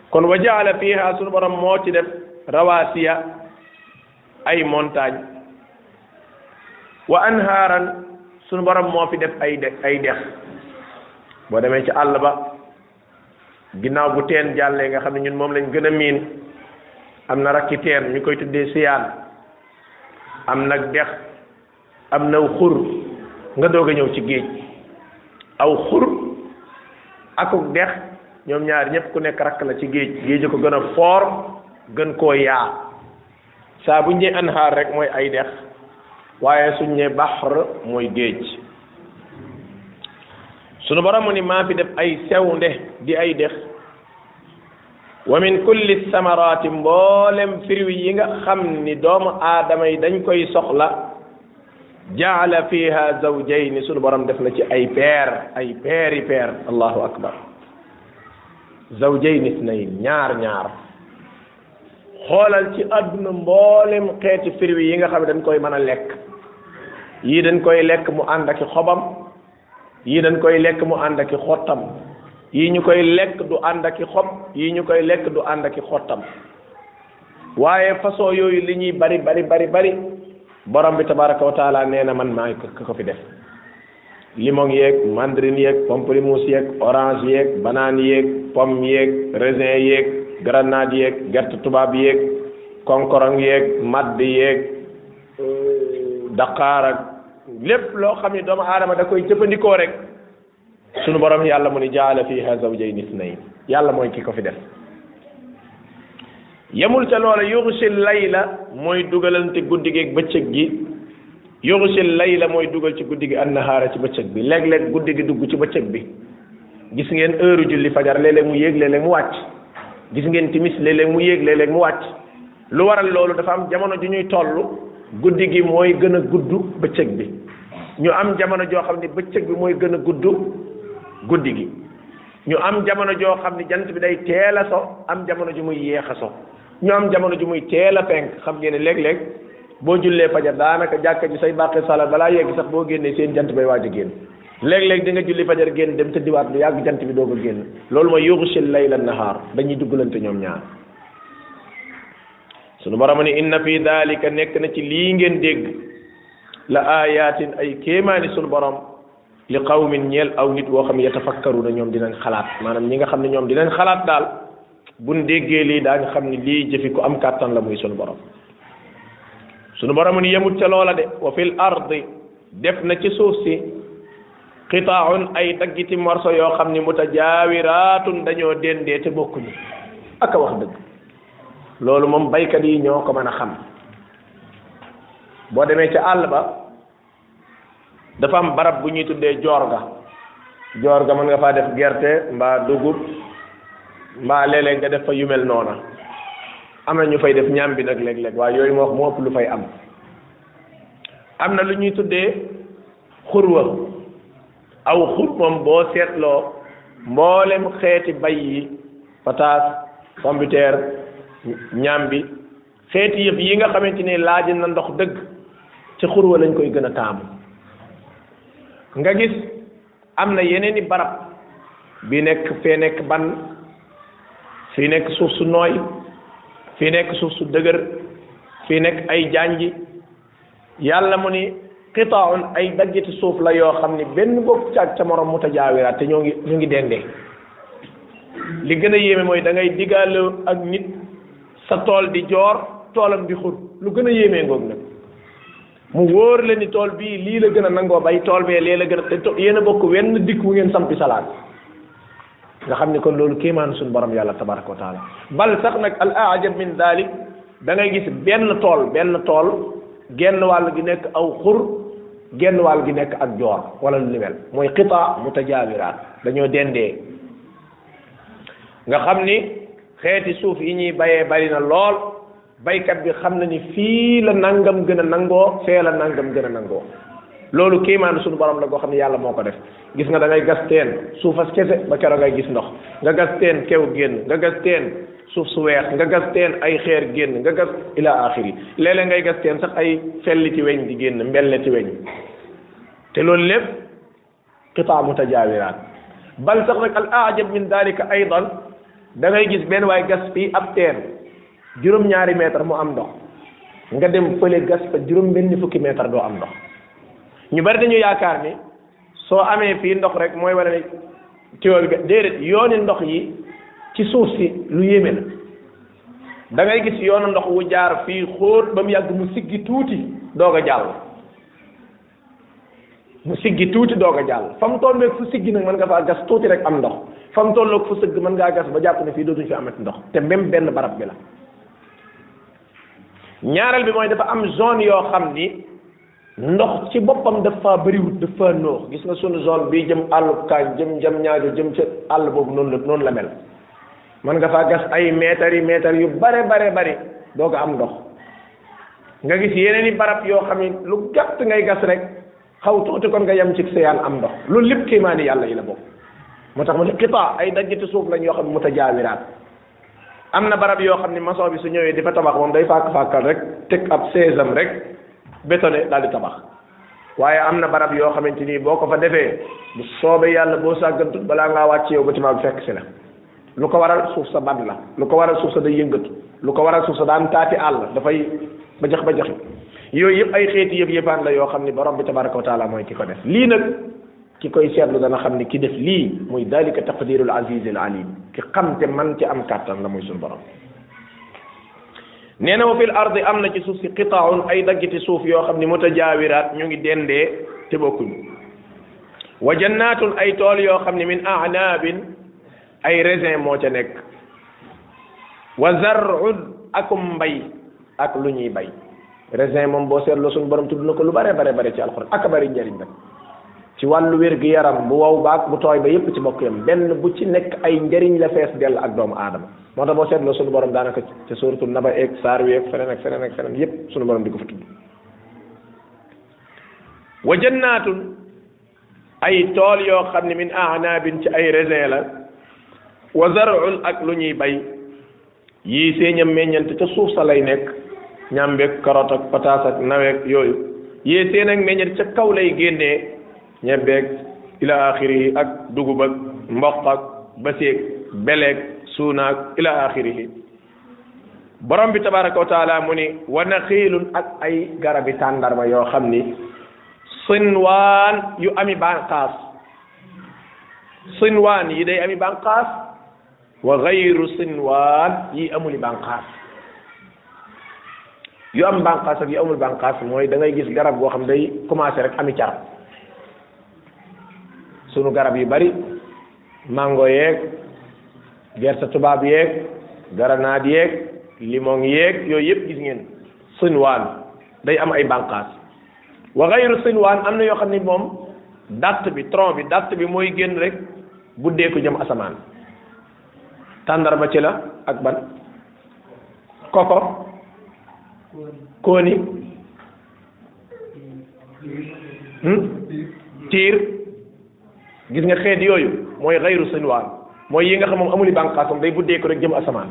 kon wa jaala fiha sunu borom moo ci def rawaasiya ay montagne wa anhaaran sunu borom moo fi def ay de ay dex boo demee ci àll ba ginnaaw bu teen jàllee nga xam ne ñun moom lañ gën a miin am na rakki teen ñu koy tuddee siyaan am nag dex am naw xur nga doog a ñëw ci géej aw xur akuk dex ñoom ñaar ñëpp ku nekk rakk la ci géej géej ko gën a foor gën koo yaa saa bu ñu nee anhaar rek mooy ay dex waaye suñ ne baxr mooy géej sunu borom mu ni maa fi def ay sew nde di ay dex wa min kulli samaraati mboolem fruits yi nga xam ni doomu aadama yi dañ koy soxla jaala fiha zawjayni suñu borom def na ci ay peer ay peeri peer allahu akbar zawjayni isnayn ñaar ñaar xoolal ci àdduna mboolem xeeti fruits yi nga xam ne dañ koy mën a lekk yii dañ koy lekk mu ànd ak i xobam yii dañ koy lekk mu ànd ak i xottam yi ñu koy lekk du ànd ak i xob yi ñu koy lekk du ànd ak i xottam waaye façon yooyu li ñuy bari bari bari bari borom bi tabaraka wa taala nee na man maa ngi ko fi def limon yeeg mandrin yeeg pamplemousse yeeg orange yeeg banaan yéeg pomme yéeg raisin yeeg grenade yeeg gerte tubaab yeeg konkorong yeeg madd yéeg daqaar ak lépp loo xam ne doomu aadama da koy jëfandikoo rek sunu boroom yàlla mu ni jaala fiha zawjayni ithnayn yàlla mooy ki ko fi def yemul ca loola yuxsi layla mooy dugalante guddi gi ak bëccëg gi yuxsi layla mooy dugal ci guddi gi annahaara ci bëccëg bi léeg-léeg guddi gi dugg ci bëccëg bi gis ngeen heure julli fajar léeg mu yéeg léeg mu wàcc gis ngeen timis léeg-léeg mu yéeg léeg mu wàcc lu waral loolu dafa am jamono ju ñuy toll guddi gi mooy gën a gudd bëccëg bi ñu am jamono joo xam ne bëccëg bi mooy gën a gudd guddi gi ñu am jamono joo xam ne jant bi day teel a so am jamono ju muy yeex a so ñu am jamono ju muy teel a penk xam ngeen ne léeg boo jullee fajar daanaka jàkka ji say bàqi sala balaa yegg sax boo génnee seen jant bay waaj a génn léeg-léeg di fajar génn dem tëddiwaat lu yàgg jant bi doog génn loolu mooy yuxshi layla nahaar dañuy duggalante ñoom ñaar sunu borom ne inna fi dalika nekk na ci lii ngeen dégg la ayatin ay kéemaani sunu borom li qawmin ñeel aw nit woo xam yatafakkaru na ñoom dinañ xalaat maanaam ñi nga xam ne ñoom dinañ xalaat daal buñ déggee lii daañu xam ne lii jëfi ko am kàttan la muy sunu borom sunu borom ni yemut ca loola de wa fil ardi def na ci suuf si qitaaun ay daggiti morso yoo xam ni mutajaawiraatun dañoo dendee te bokkuñu aka wax dëgg loolu moom baykat yi ñoo ko mën a xam boo demee ca àll ba dafa am barab bu ñuy tuddee joor ga joor ga mën nga faa def gerte mbaa dugub mbaa léeg nga def fa yu mel noona am na ñu fay def ñam bi nag léeg-léeg waaye yooyu moo moo ëpp lu fay am am na lu ñuy tuddee xurwa aw xur moom boo seetloo mboolem xeeti bay yi pataas pombiteer ñaam bi xeeti yëpp yi nga xamante ni laaj na ndox dëgg ci xurwa lañ koy gën a taamu nga gis am na yeneeni barab bi nekk fee nekk ban fii nekk suuf su nooy fii nekk suuf su dëgër fii nekk ay janji yàlla mu ni qitaaun ay daggiti suuf la yoo xam ni benn bokk caag ca morom mutajaawiraat te ñoo ngi ñu ngi dendee li gën a yéeme mooy dangay ngay ak nit sa tool di joor toolam di xur lu gën a yéemee ngoog nag mu wóor la ni tool bii lii la gën a nangoo bay tool bee lee la gën a te yéen a bokk wenn dikk bu ngeen sampi salaat nga xam ni kon loolu kéemaan suñu borom yàlla tabaraka wa taala bal sax nag al ajab min dalik da gis benn tool benn tool genn wàll gi nekk aw xur genn wàll gi nekk ak joor wala lu ni mel mooy xitaa mutajawiraat dañoo dendee nga xam ni xeeti suuf yi ñuy bayee bari na lool baykat bi xam ni fii la nangam gën a nangoo fee la nangam gën a nangoo loolu kéemaanu suñu borom la goo xam ne yàlla moo ko def gis nga da ngay gas teen suufas kese ba kero ngay gis ndox nga gas teen kew génn nga gas teen suuf su weex nga gas teen ay xeer génn nga gas ila axiri leeg ngay gas teen sax ay ci weñ di génn ci weñ te loolu lépp qitaamu tajaawiraat bal sax nag al aajab min dalika aydan da ngay gis benn waay gas fii ab teen juróom-ñaari mètre mu am ndox nga dem fële gas fa juróom benn fukki mètre doo am ndox ñu bari dañu yaakaar ni soo amee fii ndox rek mooy wane ne tuyau bi déedéet yooni ndox yi ci suuf si lu yéeme la da gis yoonu ndox wu jaar fii xóot ba mu yàgg mu siggi tuuti doog a jàll mu siggi tuuti doog a jàll fa mu toll fu siggi nag mën nga faa gas tuuti rek am ndox fa mu toll fu sëgg mën ngaa gas ba jàpp ne fii dootuñ fi amati ndox te même benn barab bi la ñaaral bi mooy dafa am zone yoo xam ni ndox ci boppam dafa wut dafa noox gis nga sunu zone bii jëm àllub kaañ jëm jëm ñaajo jëm ci àll boobu noonu la noonu la mel man nga faa gas ay meetar yi meetar yu bare bare bare doo ko am ndox nga gis yeneen i barab yoo xam ni lu gàtt ngay gas rek xaw tuuti kon nga yam ci seyaan am ndox loolu lépp kéemaani yàlla yi la bopp moo tax mu ne xitaa ay dajjati suuf lañ yoo xam ne jaawiraat am na barab yoo xam ne maçon bi su ñëwee di fa tabax moom day fàkk fàkkal rek teg ab seesam rek bétonné daal di tabax waaye am na barab yoo xamante ni boo ko fa defee bu soobee yàlla boo sàggantut balaa ngaa wàcc yow bâtiment bi fekk si la lu ko waral suuf sa band la lu ko waral suuf sa day yëngatu lu ko waral suuf sa daan taati àll dafay ba jax ba jaxi yooyu yëpp ay xeeti yëpp yëppaan la yoo xam ne borom bi tabaraka wa taala mooy ki ko def lii nag ki koy seetlu dana xam ne ki def lii muy dalika taqdirul aziz al alim ki xam te man ci am kàttan la muy suñ borom nee na wa fil ardi am na ci suuf si qitaaun ay daggiti suuf yoo xam ni mutajaawiraat ñu ngi dendee te bokkuñu wa jannatun ay tool yoo xam ne min aanaabin ay raisin moo ca nekk wa zarun akum mbay ak lu ñuy bay raisin moom boo seetloo suñ borom tudd na ko lu bare bare bare ci alquran ak bari njariñ nag ci wàllu wér-gu-yaram bu wow baag bu tooy ba yépp ci bokk yam benn bu ci nekk ay njariñ la fees dell ak doomu aadama moo tax boo seetloo sunu daanaka ca suuratul naba eeg saar wi eeg feneen ak feneen ak feneen yépp sunu borom di ko ay tool yoo xam ne min aanaabin ci ay raisin la wa zar'un lu ñuy bay yii séeñam meññante ca suuf sa lay nekk ñàmbeeg carotte ak pataas ak naweeg yooyu yii ak meññante ca kaw lay génnee ñebeeg ila axirihi ak dugub ak mboq ak baseeg beleeg suunaak ila axirihi borom bi tabaraka wa taala mu ni wa naxiilun ak ay garabi tàndarma yoo xam ni sinwaan yu ami banqaas sinwaan yi day ami banqaas wa gayru sinwaan yi amuli banqaas yu am banqaas ak amul banqaas mooy da ngay gis garab goo xam day commencé rek ami carab sunu garab yu bari màngo yeeg gerte tubaab yeeg garanaat yeeg limon yéeg yooyu yëpp gis ngeen sinwaan day am ay bànqaas wa sëñ waan am na yoo xam ne moom datt bi tronc bi datt bi mooy génn rek bu ko jëm asamaan tàndarma ci la ak ban koko kooni hmm? tiir gis nga xeet yooyu mooy xayru silwaan mooy yi nga xam moom amul bànqaasam day buddee ko rek jëm asamaan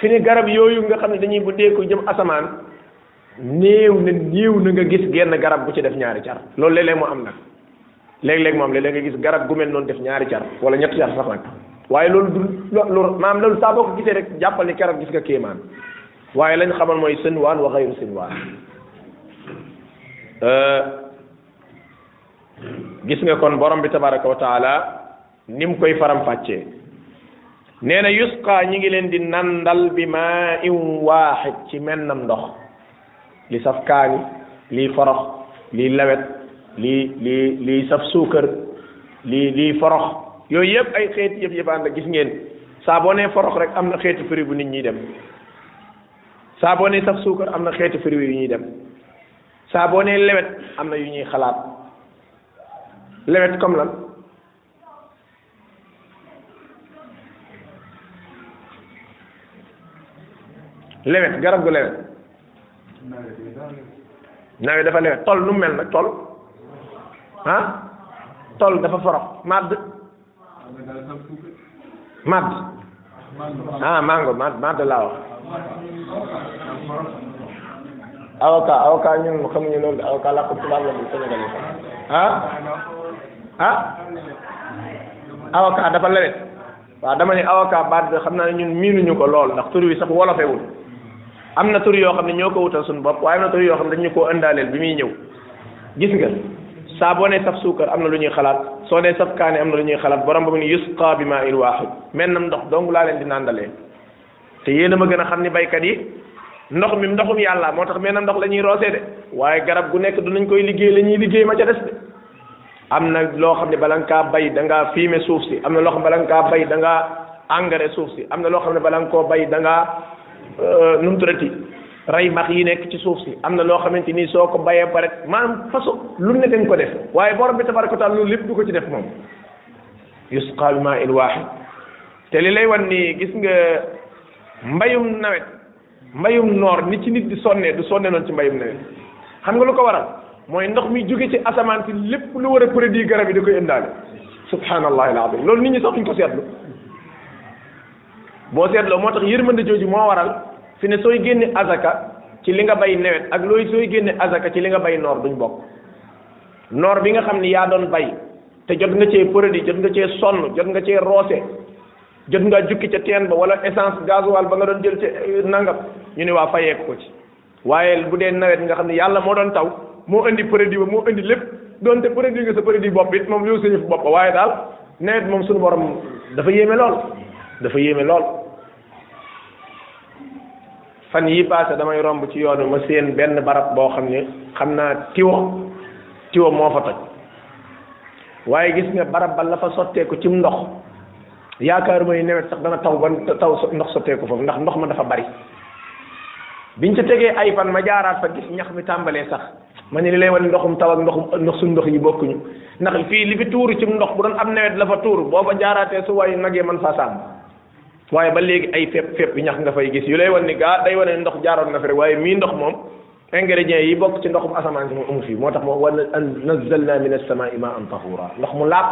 fi ne garab yooyu nga xam ne dañuy buddee ko jëm asamaan néew na néew na nga gis genn garab bu ci def ñaari car loolu léeg-léeg moo am na léeg-léeg moom léeg-léeg nga gis garab gu mel noonu def ñaari car wala ñetti car sax nag waaye loolu du lu maam loolu saa boo ko gisee rek jàppal ni keroog gis nga kéemaan waaye lañ xamal mooy sënwaan wa xayru sënwaan gis nga kon borom bi tabaraka wa taala ni mu koy faram-fàccee nee na yusqa ñi ngi leen di nandal bi ma in waaxid ci mennam ndox li saf kaani lii forox lii lawet lii lii lii saf suukar lii lii forox yooyu yëpp ay xeeti yëpp yëfaan la gis ngeen saa ne nee forox rek am na xeeti firi bu nit ñi dem saa boo nee saf suukar am na xeeti firi yu ñuy dem saa ne lawet am na yu ñuy xalaat lewet comme lan lewet garab gu lewet nawet dafa lewet tol nu mel nag tol ah tol dafa forox madd madd ah mango madd madd laa wax avocat avocat ñun xamuñu loolu de avocat làkk tubaab Sénégal yi ah ah avocat dafa lewet waaw dama ne avocat baat bi xam naa ne ñun miinuñu ko lool ndax tur wi sax wolofewul am na tur yoo xam ne ñoo ko wutal suñu bopp waaye am na tur yoo xam ne dañu koo indaaleel bi muy ñëw gis nga saa boo nee saf suukar am na lu ñuy xalaat soo nee saf kaani am na lu ñuy xalaat borom ba mu ne yusqa bi maa il waahid mel na ndox dong laa leen di nàndalee te yéen a ma gën a xam ne baykat yi ndox mi ndoxum yàlla moo tax mel na ndox la ñuy roosee de waaye garab gu nekk du nañ koy liggéey la ñuy liggéey ma ca am na loo xam ne bala nga kaa bay da ngaa fumier suuf si am na loo xam ne bala nga kaa bay da ngaa engrais suuf si am na loo xam ne bala nga koo bay da ngaa euh, nu mu tuddati rey max yi nekk ci suuf si am na loo xamante ni soo ko bayee pare maanaam façon lu ne dañ ko def waaye borom bi tabaraka taala loolu lépp du ko ci def moom yusqa bi maa il waaxid te li lay wan ni gis nga mbayum nawet mbayum noor ni ci nit di sonnee du sonne noonu ci mbayum nawet xam nga lu ko waral mooy ndox mi juge ci asamaan si lépp lu war a produit garab yi da koy indaale subhanallahi alazim loolu nit ñi sax ñu ko seetlu boo seetloo moo tax yërmande jooju moo waral fi ne sooy génne azaka ci li nga bay nawet ak looy sooy génne azaka ci li nga bay noor duñ bokk noor bi nga xam ne yaa doon bay te jot nga cee produit jot nga cee sonn jot nga cee roose jot ngaa jukki ca teen ba wala essence gasoil ba nga doon jël ca eh, nangam ñu ne waa fayeeku ko ci waaye bu dee nawet nga xam ne yàlla moo doon taw moo indi produit ba moo indi lépp donte produit nga sa produit bopp it moom yow sañu bopp waaye daal nawet moom suñu borom dafa yéeme lool dafa yéeme lool fan yi passé damay romb ci yoonu ma séen benn barab boo xam ne xam naa tiwo tiwo moo fa toj waaye gis nga barab ba la fa sotteeku ci ndox yaakaaruma yi nawet sax dana taw ba taw ndox sotteeku foofu ndax ndox ma dafa bari biñ ca tegee ay fan ma jaaraat fa gis ñax mi tàmbalee sax ma ne li lay wane ndoxum taw ak ndoxum ndox suñ ndox yi bokkuñu ndax fii li fi tuuru ci ndox bu doon am nawet la fa tuuru boo fa jaaraatee su waayu nagee man faa sàmm waaye ba léegi ay fépp fepp yi ñax nga fay gis yu lay wan ni gaa day wane ndox jaaroon na fi rek waaye mii ndox moom ingrédients yi bokk ci ndoxum asamaan si moom amu fi moo tax moom wa nazzalna min as-samaa'i maa'an tahuura ndox mu laab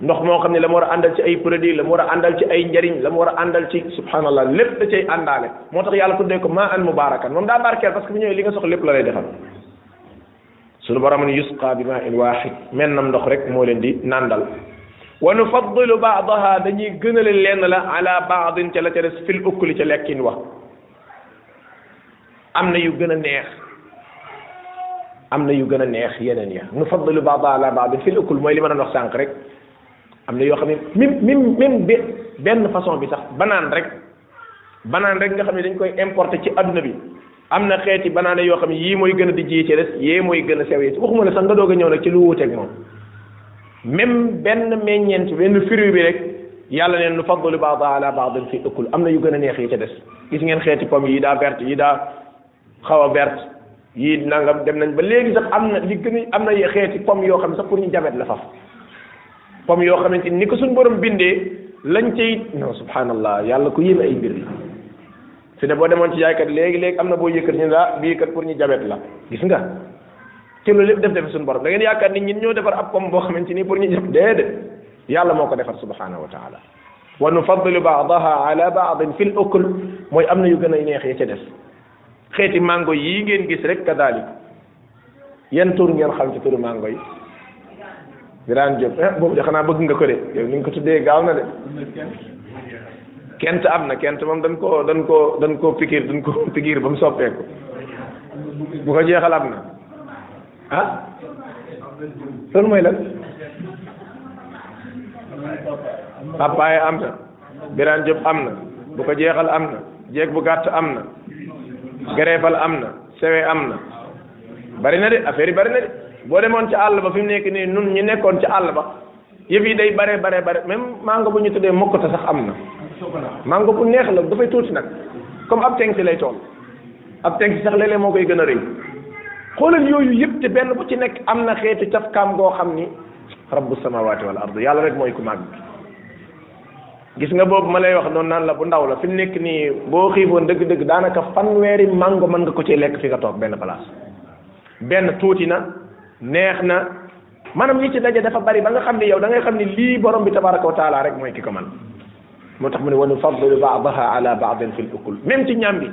ndox moo xam ne la mu war a àndal ci ay produit la mu war a àndal ci ay njariñ la mu war a àndal ci subhanallah lépp da cay àndaale moo tax yàlla tuddee ko ma an mubarakan moom daa barkeel parce que bu ñëwee li nga soxla lépp la lay defal sunu borom ne yusqa bi ma in waxid men nam ndox rek moo leen di nàndal wa nufaddilu baadaha dañuy gënale lenn la ala baadin ca la ca des fil ukli ca lekkin wa am na yu gën a neex am na yu gën a neex yeneen ya nufaddilu baadaha ala baadin fil ukul mooy li ma doon wax sànq rek am na yoo xam ne même même même benn façon bi sax banaan rek banaan rek nga xam ne dañ koy importe ci adduna bi am na xeeti banaana yoo xam ne yii mooy gën a dijji ci des yee mooy gën a sew yi waxuma ne sax nga doog a ñëw nag ci lu wuuteeg moom même benn meññeent benn fruit bi rek yàlla neen nu fadlu baada ala baadin fi ëkkul am na yu gën a neex yi ca des gis ngeen xeeti pomme yi daa verte yi daa xaw a verte yii nangam dem nañ ba léegi sax am na li gën a am na xeeti pomme yoo xam ne sax pour ñu jabet la faf pom yoo xamante ni ko suñ borom bindee lañ cay non subhanallah yàlla ku yéeme ay mbir si su ne boo demoon ci jaaykat léegi léeg am na boo yëkkat ñu la ah, bii kat pour ñu jabet la gis nga ci loolu lépp def defe suñu borom da ngeen yaakaar ni ñun ñoo defar ab pom boo xamante ni pour ñu jab déedéet yàlla moo ko defar subhanahu wa taala wa nufaddilu baadaha ala baadin fi l ukl mooy am na yu gën a neex ya ca des xeeti mango yii ngeen gis rek kadalik yan tur ngeen xam ci turu mango yi Birane Diop eh boobu de xanaa bëgg nga ko de yow ni nga ko tuddee gaaw na de kent am na kent moom dañ koo dañ koo dañ koo pikir dañ koo pikir ba mu soppeeku bu ko jeexal am na ah loolu mooy lan papaye am na Birane Diop am na bu ko jeexal am na jeeg bu gàtt am na gereebal am na sewe am na bari na de affaire yi bari de boo demoon ci àll ba fi mu nekk nii nun ñu nekkoon ci àll ba yëf yi day bare bare bare même mango bu ñu tuddee mokkata sax am na mango bu neex la dafay tuuti nag comme ab teng si lay tool ab teng si sax léeg moo koy gën a rëy xoolal yooyu yëpp te benn bu ci nekk am na xeetu cafkaam goo xam ni rabbu samawati wal ard yàlla rek mooy ku màgg gis nga boobu ma lay wax noonu naan la bu ndaw la fi mu nekk nii boo xiifoon dëgg-dëgg daanaka fanweeri mango mën nga ko ci lekk fi nga toog benn place tuuti na neex na maanaam ñi ci daje dafa bari ba nga xam ne yow da ngay xam ni lii borom bi tabaraka wa taala rek mooy ki ko man moo tax mu ne wa nufaddilu baadaha ala baadin fi l ukul même ci ñam ci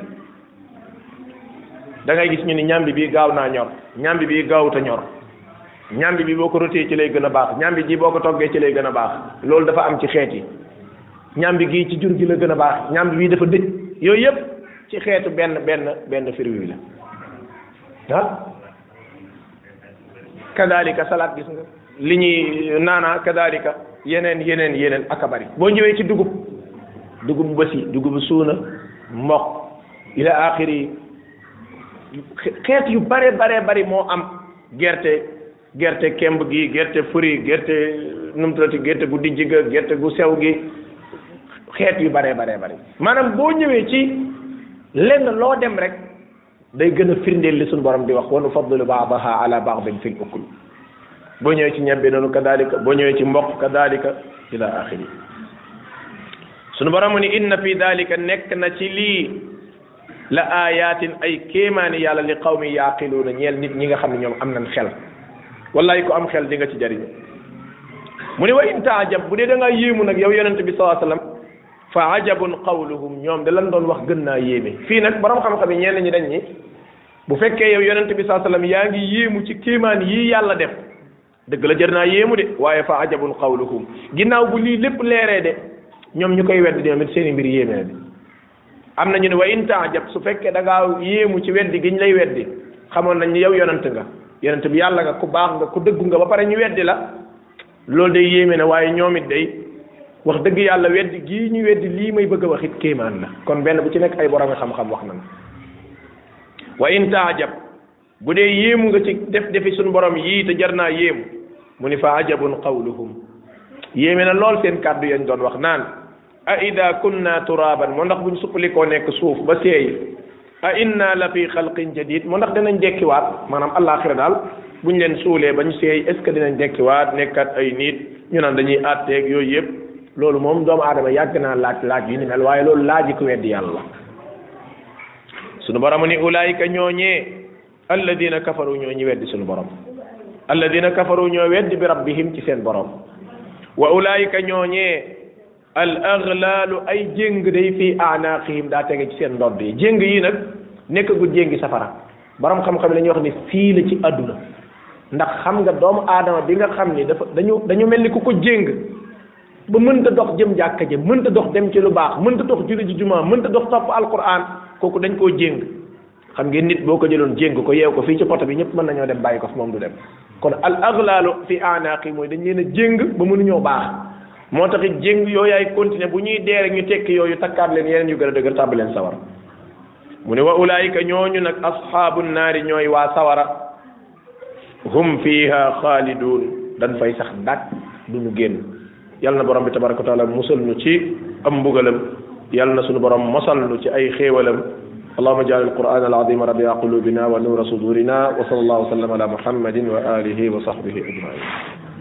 da dangay gis ñu ni ñambi bii gaaw naa ñor ñambi bii gaawut a ñor ñambi bi boo ko rotee ci lay gën a baax ñambi ji boo ko toggee ci lay gën a baax loolu dafa am ci xeet yi ñambi gii ci jur gi la gën a baax ñambi bii dafa dëj yooyu yëpp ci xeetu benn benn benn firwi kadalika salaat gis nga li ñuy naana kadalika yeneen yeneen yeneen bari boo ñëwee ci dugub dugub basi dugub suuna mboq ila axiri xeet yu bare bare bari moo am gerte gerte kemb gi gerte furi gerte numutulati gerte gu dijj ga gerte gu sew gi xeet yu bare bare bari maanaam boo ñëwee ci lenn loo dem rek day gën a firndeel li suñu borom di wax wa nufaddilu baax ala baadin fil ukul boo ñëwee ci ñebbe noonu kadalika boo ñëwee ci mboq kadalika ila axiri suñu borom ni inna fi dalika nekk na ci lii la ayatin ay kéemaani yàlla li qawmi yaqiluuna ñeel nit ñi nga xam ne ñoom am nañ xel wallaay ko am xel di nga ci jariñu mu ne wa taa taajab bu dee da ngaa yéemu nag yow yonente bi sallallahu alayhi wasallam fa ajabun qawluhum ñoom da lan doon wax gën naa yéeme fii nag borom xam-xam yi ñenn ñi dañ bu fekkee yow yonent bi saa sallam yaa ngi yéemu ci kéemaan yii yàlla def dëgg la jër naa yéemu de waaye fa ajabun qawluhum ginnaaw bu lii lépp leeree de ñoom ñu koy weddi ñoom seen i mbir yéeme am nañu ne wa in taajab su fekkee da yéemu ci weddi giñ lay weddi xamoon nañ yow yonent nga yonent bi yàlla nga ku baax nga ku dëggu nga ba pare ñu weddi la loolu day yéeme na waaye ñoom it day wax dëgg yàlla weddi gii ñu weddi lii may bëgg a wax it kéemaan la kon benn bu ci nekk ay borom xam-xam wax na wa in taajab bu dee yéemu nga ci def defi suñu borom yii te jar naa yéemu mu ni fa ajabun qawluhum yéeme na lool seen kàddu yañ doon wax naan a ida kunna turaban moo ndax bu buñ suppalikoo nekk suuf ba seey a inna la fi xalqin jadid moo ndax dinañ dekkiwaat maanaam allaaxira daal bu ñu leen suulee bañ seey est ce que dinañ dekkiwaat nekkaat ay nit ñu naan dañuy àtteeg yooyu yëpp loolu moom doomu aadama yàgg naa laaj laaj yi ni mel waaye loolu laaji ku weddi yàlla sunu borom ni ulaayika ñooñee alladina kafaru ñoo ñi weddi sunu borom alladina kafaru ñoo weddi bi rabbihim ci seen borom wa ulaayika ñooñee al aghlaalu ay jéng day fii aanaqihim da tege ci seen ndodd yi jéng yi nag nekkagul jéngi safara boroom xam-xam la wax ni fii la ci àdduna ndax xam nga doomu aadama bi nga xam ni dafa dañu dañu mel ni ku ko jéng ba mënta dox jëm jàkka ja mënta dox dem ci lu baax mënta dox julli ji jumaa mënta dox topp alquran kooku dañ koo jéng xam ngeen nit boo ko jëloon jéng ko yeew ko fii ci poto bi ñëpp mën nañoo dem bàyyi ko fi moom du dem kon al aglalu fi anaaqi mooy dañ leen a jéng ba mënuñoo baax moo tax it jéng yooyu ay continuer bu ñuy dee rek ñu tekki yooyu takkaat leen yeneen yu gën a dëgër tàbb leen sawar mu ne wa ulaayika ñooñu nag asxaabu naari ñooy waa sawara hum fiha xaalidun dañ fay sax dàq duñu génn yàlla na borom bi tabaraka wa taala musal ñu ci am يالنا سونو بروم borom لو سي اي خيوالم اللهم اجعل القرآن العظيم ربيع قلوبنا ونور صدورنا وصلى الله وسلم على محمد وآله وصحبه أجمعين